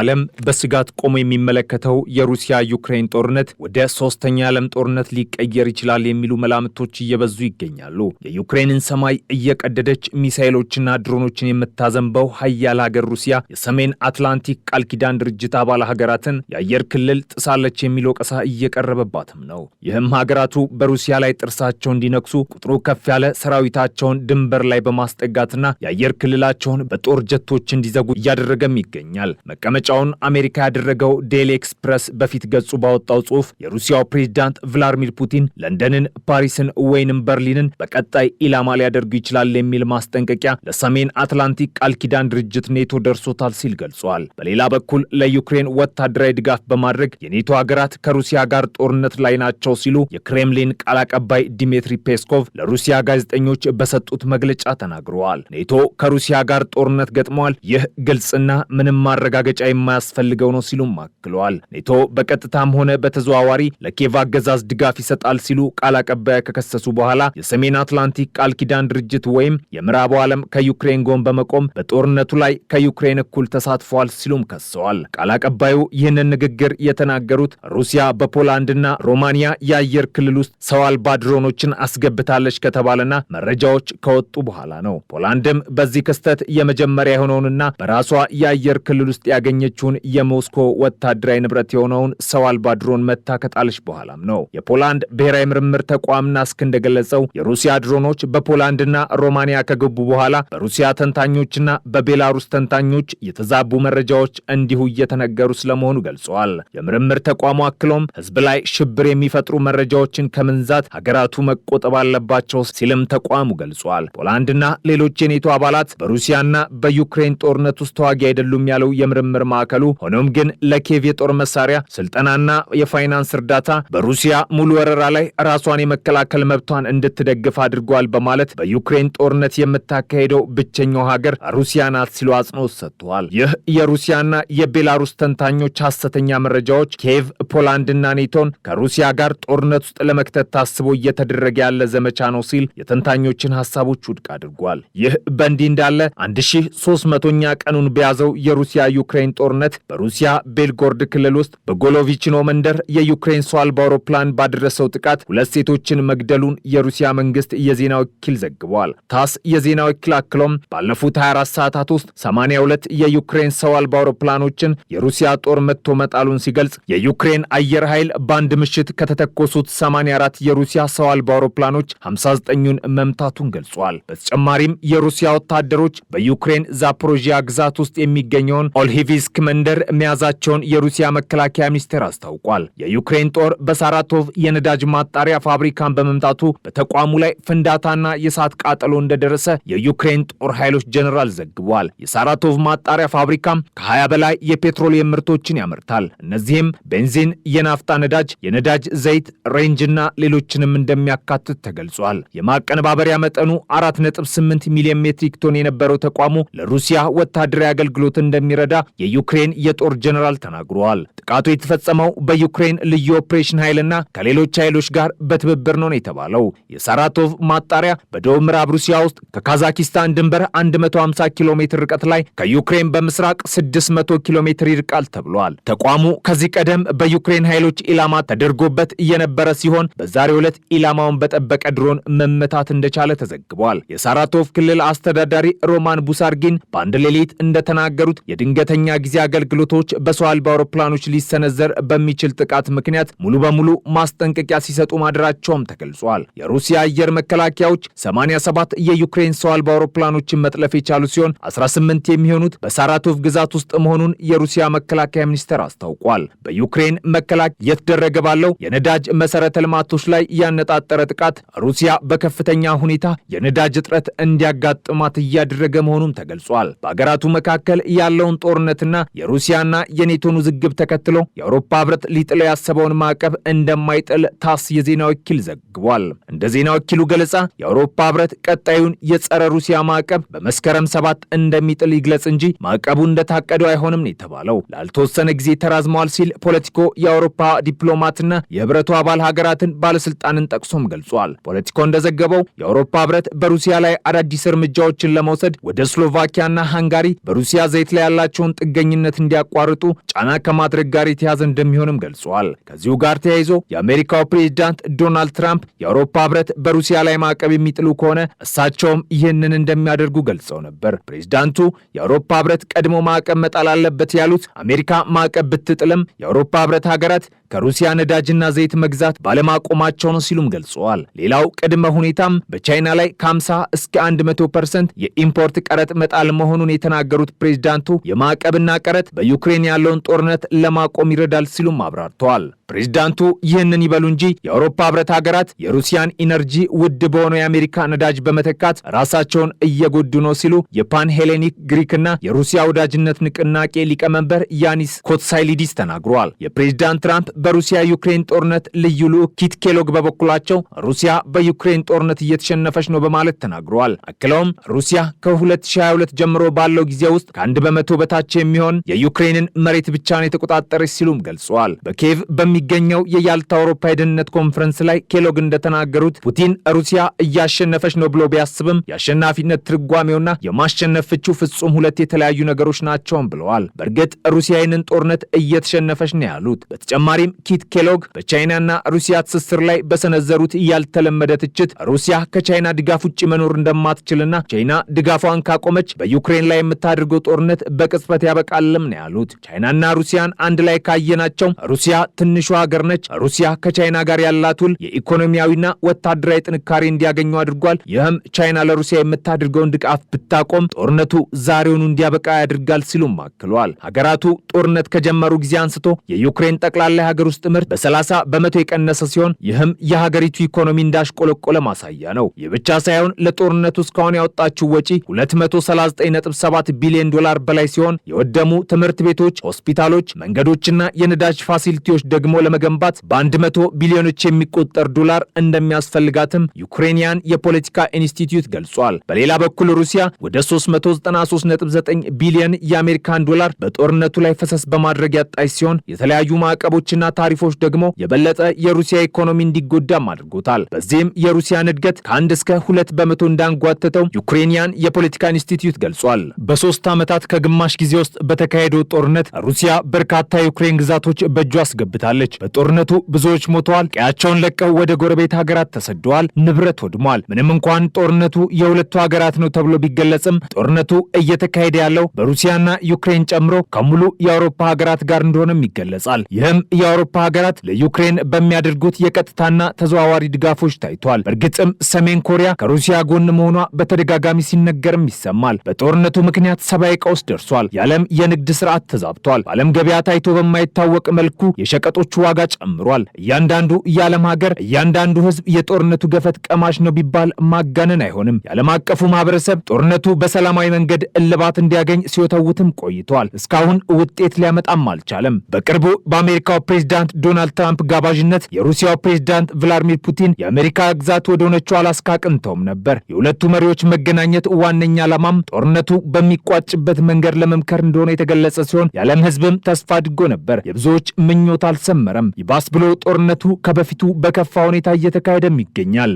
ዓለም በስጋት ቆሞ የሚመለከተው የሩሲያ ዩክሬን ጦርነት ወደ ሶስተኛ የዓለም ጦርነት ሊቀየር ይችላል የሚሉ መላምቶች እየበዙ ይገኛሉ። የዩክሬንን ሰማይ እየቀደደች ሚሳይሎችና ድሮኖችን የምታዘንበው ሀያል ሀገር ሩሲያ የሰሜን አትላንቲክ ቃል ኪዳን ድርጅት አባል ሀገራትን የአየር ክልል ጥሳለች የሚል ወቀሳ እየቀረበባትም ነው። ይህም ሀገራቱ በሩሲያ ላይ ጥርሳቸው እንዲነክሱ ቁጥሩ ከፍ ያለ ሰራዊታቸውን ድንበር ላይ በማስጠጋትና የአየር ክልላቸውን በጦር ጀቶች እንዲዘጉ እያደረገም ይገኛል። መቀመጫ መግለጫውን አሜሪካ ያደረገው ዴሊ ኤክስፕረስ በፊት ገጹ ባወጣው ጽሑፍ የሩሲያው ፕሬዚዳንት ቭላድሚር ፑቲን ለንደንን፣ ፓሪስን ወይንም በርሊንን በቀጣይ ኢላማ ሊያደርጉ ይችላል የሚል ማስጠንቀቂያ ለሰሜን አትላንቲክ ቃል ኪዳን ድርጅት ኔቶ ደርሶታል ሲል ገልጿል። በሌላ በኩል ለዩክሬን ወታደራዊ ድጋፍ በማድረግ የኔቶ ሀገራት ከሩሲያ ጋር ጦርነት ላይ ናቸው ሲሉ የክሬምሊን ቃል አቀባይ ዲሜትሪ ፔስኮቭ ለሩሲያ ጋዜጠኞች በሰጡት መግለጫ ተናግረዋል። ኔቶ ከሩሲያ ጋር ጦርነት ገጥመዋል፣ ይህ ግልጽና ምንም ማረጋገጫ የማያስፈልገው ነው ሲሉም አክለዋል። ኔቶ በቀጥታም ሆነ በተዘዋዋሪ ለኬቭ አገዛዝ ድጋፍ ይሰጣል ሲሉ ቃል አቀባይ ከከሰሱ በኋላ የሰሜን አትላንቲክ ቃል ኪዳን ድርጅት ወይም የምዕራቡ ዓለም ከዩክሬን ጎን በመቆም በጦርነቱ ላይ ከዩክሬን እኩል ተሳትፏል ሲሉም ከሰዋል። ቃል አቀባዩ ይህንን ንግግር የተናገሩት ሩሲያ በፖላንድና ሮማኒያ የአየር ክልል ውስጥ ሰው አልባ ድሮኖችን አስገብታለች ከተባለና መረጃዎች ከወጡ በኋላ ነው። ፖላንድም በዚህ ክስተት የመጀመሪያ የሆነውንና በራሷ የአየር ክልል ውስጥ ያገኘ ያገኘችውን የሞስኮ ወታደራዊ ንብረት የሆነውን ሰው አልባ ድሮን መታ ከጣለች በኋላም ነው። የፖላንድ ብሔራዊ ምርምር ተቋም ናስክ እንደገለጸው የሩሲያ ድሮኖች በፖላንድና ሮማኒያ ከገቡ በኋላ በሩሲያ ተንታኞችና በቤላሩስ ተንታኞች የተዛቡ መረጃዎች እንዲሁ እየተነገሩ ስለመሆኑ ገልጸዋል። የምርምር ተቋሙ አክሎም ሕዝብ ላይ ሽብር የሚፈጥሩ መረጃዎችን ከመንዛት ሀገራቱ መቆጠብ አለባቸው ሲልም ተቋሙ ገልጿል። ፖላንድና ሌሎች የኔቶ አባላት በሩሲያና በዩክሬን ጦርነት ውስጥ ተዋጊ አይደሉም ያለው የምርምር ማዕከሉ ሆኖም ግን ለኬቭ የጦር መሳሪያ ስልጠናና የፋይናንስ እርዳታ በሩሲያ ሙሉ ወረራ ላይ ራሷን የመከላከል መብቷን እንድትደግፍ አድርጓል በማለት በዩክሬን ጦርነት የምታካሄደው ብቸኛው ሀገር ሩሲያ ናት ሲሉ አጽንኦት ሰጥተዋል። ይህ የሩሲያና የቤላሩስ ተንታኞች ሐሰተኛ መረጃዎች ኬቭ ፖላንድና ኔቶን ከሩሲያ ጋር ጦርነት ውስጥ ለመክተት ታስቦ እየተደረገ ያለ ዘመቻ ነው ሲል የተንታኞችን ሀሳቦች ውድቅ አድርጓል። ይህ በእንዲህ እንዳለ 1300ኛ ቀኑን በያዘው የሩሲያ ዩክሬን ጦርነት በሩሲያ ቤልጎርድ ክልል ውስጥ በጎሎቪችኖ መንደር የዩክሬን ሰው አልባ አውሮፕላን ባደረሰው ጥቃት ሁለት ሴቶችን መግደሉን የሩሲያ መንግስት የዜና ወኪል ዘግቧል። ታስ የዜና ወኪል አክሎም ባለፉት 24 ሰዓታት ውስጥ 82 የዩክሬን ሰው አልባ አውሮፕላኖችን የሩሲያ ጦር መጥቶ መጣሉን ሲገልጽ የዩክሬን አየር ኃይል በአንድ ምሽት ከተተኮሱት 84 የሩሲያ ሰው አልባ አውሮፕላኖች 59ኙን መምታቱን ገልጿል። በተጨማሪም የሩሲያ ወታደሮች በዩክሬን ዛፖሮዥያ ግዛት ውስጥ የሚገኘውን ኦልሂቪስ በኦቤሊስክ መንደር መያዛቸውን የሩሲያ መከላከያ ሚኒስቴር አስታውቋል። የዩክሬን ጦር በሳራቶቭ የነዳጅ ማጣሪያ ፋብሪካን በመምጣቱ በተቋሙ ላይ ፍንዳታና የእሳት ቃጠሎ እንደደረሰ የዩክሬን ጦር ኃይሎች ጀኔራል ዘግቧል። የሳራቶቭ ማጣሪያ ፋብሪካም ከ20 በላይ የፔትሮሊየም ምርቶችን ያመርታል። እነዚህም ቤንዚን፣ የናፍጣ ነዳጅ፣ የነዳጅ ዘይት፣ ሬንጅና ሌሎችንም እንደሚያካትት ተገልጿል። የማቀነባበሪያ መጠኑ 4.8 ሚሊዮን ሜትሪክ ቶን የነበረው ተቋሙ ለሩሲያ ወታደራዊ አገልግሎት እንደሚረዳ የዩክሬን የጦር ጀነራል ተናግረዋል። ጥቃቱ የተፈጸመው በዩክሬን ልዩ ኦፕሬሽን ኃይልና ከሌሎች ኃይሎች ጋር በትብብር ነው የተባለው። የሳራቶቭ ማጣሪያ በደቡብ ምዕራብ ሩሲያ ውስጥ ከካዛኪስታን ድንበር 150 ኪሎ ሜትር ርቀት ላይ ከዩክሬን በምስራቅ 600 ኪሎ ሜትር ይርቃል ተብሏል። ተቋሙ ከዚህ ቀደም በዩክሬን ኃይሎች ኢላማ ተደርጎበት እየነበረ ሲሆን በዛሬው ዕለት ኢላማውን በጠበቀ ድሮን መመታት እንደቻለ ተዘግቧል። የሳራቶቭ ክልል አስተዳዳሪ ሮማን ቡሳርጊን በአንድ ሌሊት እንደተናገሩት የድንገተኛ ጊዜ አገልግሎቶች በሰው አልባ አውሮፕላኖች ሊሰነዘር በሚችል ጥቃት ምክንያት ሙሉ በሙሉ ማስጠንቀቂያ ሲሰጡ ማደራቸውም ተገልጿል። የሩሲያ አየር መከላከያዎች 87 የዩክሬን ሰው አልባ አውሮፕላኖችን መጥለፍ የቻሉ ሲሆን 18 የሚሆኑት በሳራቶቭ ግዛት ውስጥ መሆኑን የሩሲያ መከላከያ ሚኒስቴር አስታውቋል። በዩክሬን መከላከያ እየተደረገ ባለው የነዳጅ መሰረተ ልማቶች ላይ ያነጣጠረ ጥቃት ሩሲያ በከፍተኛ ሁኔታ የነዳጅ እጥረት እንዲያጋጥማት እያደረገ መሆኑም ተገልጿል። በአገራቱ መካከል ያለውን ጦርነትና ዩክሬንና የሩሲያና የኔቶን ውዝግብ ተከትሎ የአውሮፓ ህብረት ሊጥለው ያሰበውን ማዕቀብ እንደማይጥል ታስ የዜና ወኪል ዘግቧል። እንደ ዜና ወኪሉ ገለጻ የአውሮፓ ህብረት ቀጣዩን የጸረ ሩሲያ ማዕቀብ በመስከረም ሰባት እንደሚጥል ይግለጽ እንጂ ማዕቀቡ እንደታቀደው አይሆንም የተባለው። ላልተወሰነ ጊዜ ተራዝመዋል ሲል ፖለቲኮ የአውሮፓ ዲፕሎማትና የህብረቱ አባል ሀገራትን ባለስልጣንን ጠቅሶም ገልጿል። ፖለቲኮ እንደዘገበው የአውሮፓ ህብረት በሩሲያ ላይ አዳዲስ እርምጃዎችን ለመውሰድ ወደ ስሎቫኪያና ሃንጋሪ በሩሲያ ዘይት ላይ ያላቸውን ጥገ ጥገኝነት እንዲያቋርጡ ጫና ከማድረግ ጋር የተያዘ እንደሚሆንም ገልጿል። ከዚሁ ጋር ተያይዞ የአሜሪካው ፕሬዚዳንት ዶናልድ ትራምፕ የአውሮፓ ህብረት በሩሲያ ላይ ማዕቀብ የሚጥሉ ከሆነ እሳቸውም ይህንን እንደሚያደርጉ ገልጸው ነበር። ፕሬዚዳንቱ የአውሮፓ ህብረት ቀድሞ ማዕቀብ መጣል አለበት ያሉት አሜሪካ ማዕቀብ ብትጥልም የአውሮፓ ህብረት ሀገራት ከሩሲያ ነዳጅና ዘይት መግዛት ባለማቆማቸው ነው ሲሉም ገልጸዋል። ሌላው ቅድመ ሁኔታም በቻይና ላይ ከ50 እስከ 100 ፐርሰንት የኢምፖርት ቀረጥ መጣል መሆኑን የተናገሩት ፕሬዚዳንቱ የማዕቀብና ቀረጥ በዩክሬን ያለውን ጦርነት ለማቆም ይረዳል ሲሉም አብራርተዋል። ፕሬዚዳንቱ ይህንን ይበሉ እንጂ የአውሮፓ ህብረት ሀገራት የሩሲያን ኢነርጂ ውድ በሆነው የአሜሪካ ነዳጅ በመተካት ራሳቸውን እየጎዱ ነው ሲሉ የፓን ሄሌኒክ ግሪክና የሩሲያ ወዳጅነት ንቅናቄ ሊቀመንበር ያኒስ ኮትሳይሊዲስ ተናግረዋል። የፕሬዚዳንት ትራምፕ በሩሲያ ዩክሬን ጦርነት ልዩ ልዑክ ኪት ኬሎግ በበኩላቸው ሩሲያ በዩክሬን ጦርነት እየተሸነፈች ነው በማለት ተናግረዋል። አክለውም ሩሲያ ከ2022 ጀምሮ ባለው ጊዜ ውስጥ ከአንድ በመቶ በታች የሚሆን የዩክሬንን መሬት ብቻ ነው የተቆጣጠረች ሲሉም ገልጸዋል። በኪየቭ በሚገኘው የያልታ አውሮፓ የደህንነት ኮንፈረንስ ላይ ኬሎግ እንደተናገሩት ፑቲን ሩሲያ እያሸነፈች ነው ብሎ ቢያስብም የአሸናፊነት ትርጓሜውና የማሸነፍ ፍቺው ፍጹም ሁለት የተለያዩ ነገሮች ናቸውም ብለዋል። በእርግጥ ሩሲያ ይህንን ጦርነት እየተሸነፈች ነው ያሉት። በተጨማሪም ኪት ኬሎግ በቻይናና ሩሲያ ትስስር ላይ በሰነዘሩት ያልተለመደ ትችት ሩሲያ ከቻይና ድጋፍ ውጭ መኖር እንደማትችልና ቻይና ድጋፏን ካቆመች በዩክሬን ላይ የምታደርገው ጦርነት በቅጽበት ያበቃልም ነው ያሉት። ቻይናና ሩሲያን አንድ ላይ ካየናቸው ሩሲያ ትንሿ ሀገር ነች። ሩሲያ ከቻይና ጋር ያላት ውል የኢኮኖሚያዊና ወታደራዊ ጥንካሬ እንዲያገኙ አድርጓል። ይህም ቻይና ለሩሲያ የምታደርገውን ድጋፍ ብታቆም ጦርነቱ ዛሬውኑ እንዲያበቃ ያደርጋል ሲሉም አክሏል። ሀገራቱ ጦርነት ከጀመሩ ጊዜ አንስቶ የዩክሬን ጠቅላላ የሀገር ውስጥ ምርት በ30 በመቶ የቀነሰ ሲሆን ይህም የሀገሪቱ ኢኮኖሚ እንዳሽቆለቆለ ማሳያ ነው። ይህ ብቻ ሳይሆን ለጦርነቱ እስካሁን ያወጣችው ወጪ 239.7 ቢሊዮን ዶላር በላይ ሲሆን የወደሙ ትምህርት ቤቶች፣ ሆስፒታሎች፣ መንገዶችና የነዳጅ ፋሲሊቲዎች ደግሞ ለመገንባት በ100 ቢሊዮኖች የሚቆጠር ዶላር እንደሚያስፈልጋትም ዩክሬንያን የፖለቲካ ኢንስቲትዩት ገልጿል። በሌላ በኩል ሩሲያ ወደ 393.9 ቢሊዮን የአሜሪካን ዶላር በጦርነቱ ላይ ፈሰስ በማድረግ ያጣች ሲሆን የተለያዩ ማዕቀቦችና ግብሮችና ታሪፎች ደግሞ የበለጠ የሩሲያ ኢኮኖሚ እንዲጎዳም አድርጎታል። በዚህም የሩሲያን እድገት ከአንድ እስከ ሁለት በመቶ እንዳንጓተተው ዩክሬንያን የፖለቲካ ኢንስቲትዩት ገልጿል። በሶስት ዓመታት ከግማሽ ጊዜ ውስጥ በተካሄደው ጦርነት ሩሲያ በርካታ የዩክሬን ግዛቶች በእጇ አስገብታለች። በጦርነቱ ብዙዎች ሞተዋል፣ ቀያቸውን ለቀው ወደ ጎረቤት ሀገራት ተሰደዋል፣ ንብረት ወድሟል። ምንም እንኳን ጦርነቱ የሁለቱ ሀገራት ነው ተብሎ ቢገለጽም ጦርነቱ እየተካሄደ ያለው በሩሲያና ዩክሬን ጨምሮ ከሙሉ የአውሮፓ ሀገራት ጋር እንደሆነም ይገለጻል። ይህም የአውሮፓ ሀገራት ለዩክሬን በሚያደርጉት የቀጥታና ተዘዋዋሪ ድጋፎች ታይቷል። በእርግጥም ሰሜን ኮሪያ ከሩሲያ ጎን መሆኗ በተደጋጋሚ ሲነገርም ይሰማል። በጦርነቱ ምክንያት ሰብአዊ ቀውስ ደርሷል። የዓለም የንግድ ስርዓት ተዛብቷል። በዓለም ገበያ ታይቶ በማይታወቅ መልኩ የሸቀጦቹ ዋጋ ጨምሯል። እያንዳንዱ የዓለም ሀገር፣ እያንዳንዱ ህዝብ የጦርነቱ ገፈት ቀማሽ ነው ቢባል ማጋነን አይሆንም። የዓለም አቀፉ ማህበረሰብ ጦርነቱ በሰላማዊ መንገድ እልባት እንዲያገኝ ሲወተውትም ቆይቷል። እስካሁን ውጤት ሊያመጣም አልቻለም። በቅርቡ በአሜሪካው ፕሬዚዳንት ፕሬዚዳንት ዶናልድ ትራምፕ ጋባዥነት የሩሲያው ፕሬዚዳንት ቭላድሚር ፑቲን የአሜሪካ ግዛት ወደ ሆነችው አላስካ አቅንተውም ነበር። የሁለቱ መሪዎች መገናኘት ዋነኛ ዓላማም ጦርነቱ በሚቋጭበት መንገድ ለመምከር እንደሆነ የተገለጸ ሲሆን የዓለም ሕዝብም ተስፋ አድጎ ነበር። የብዙዎች ምኞት አልሰመረም። ይባስ ብሎ ጦርነቱ ከበፊቱ በከፋ ሁኔታ እየተካሄደም ይገኛል።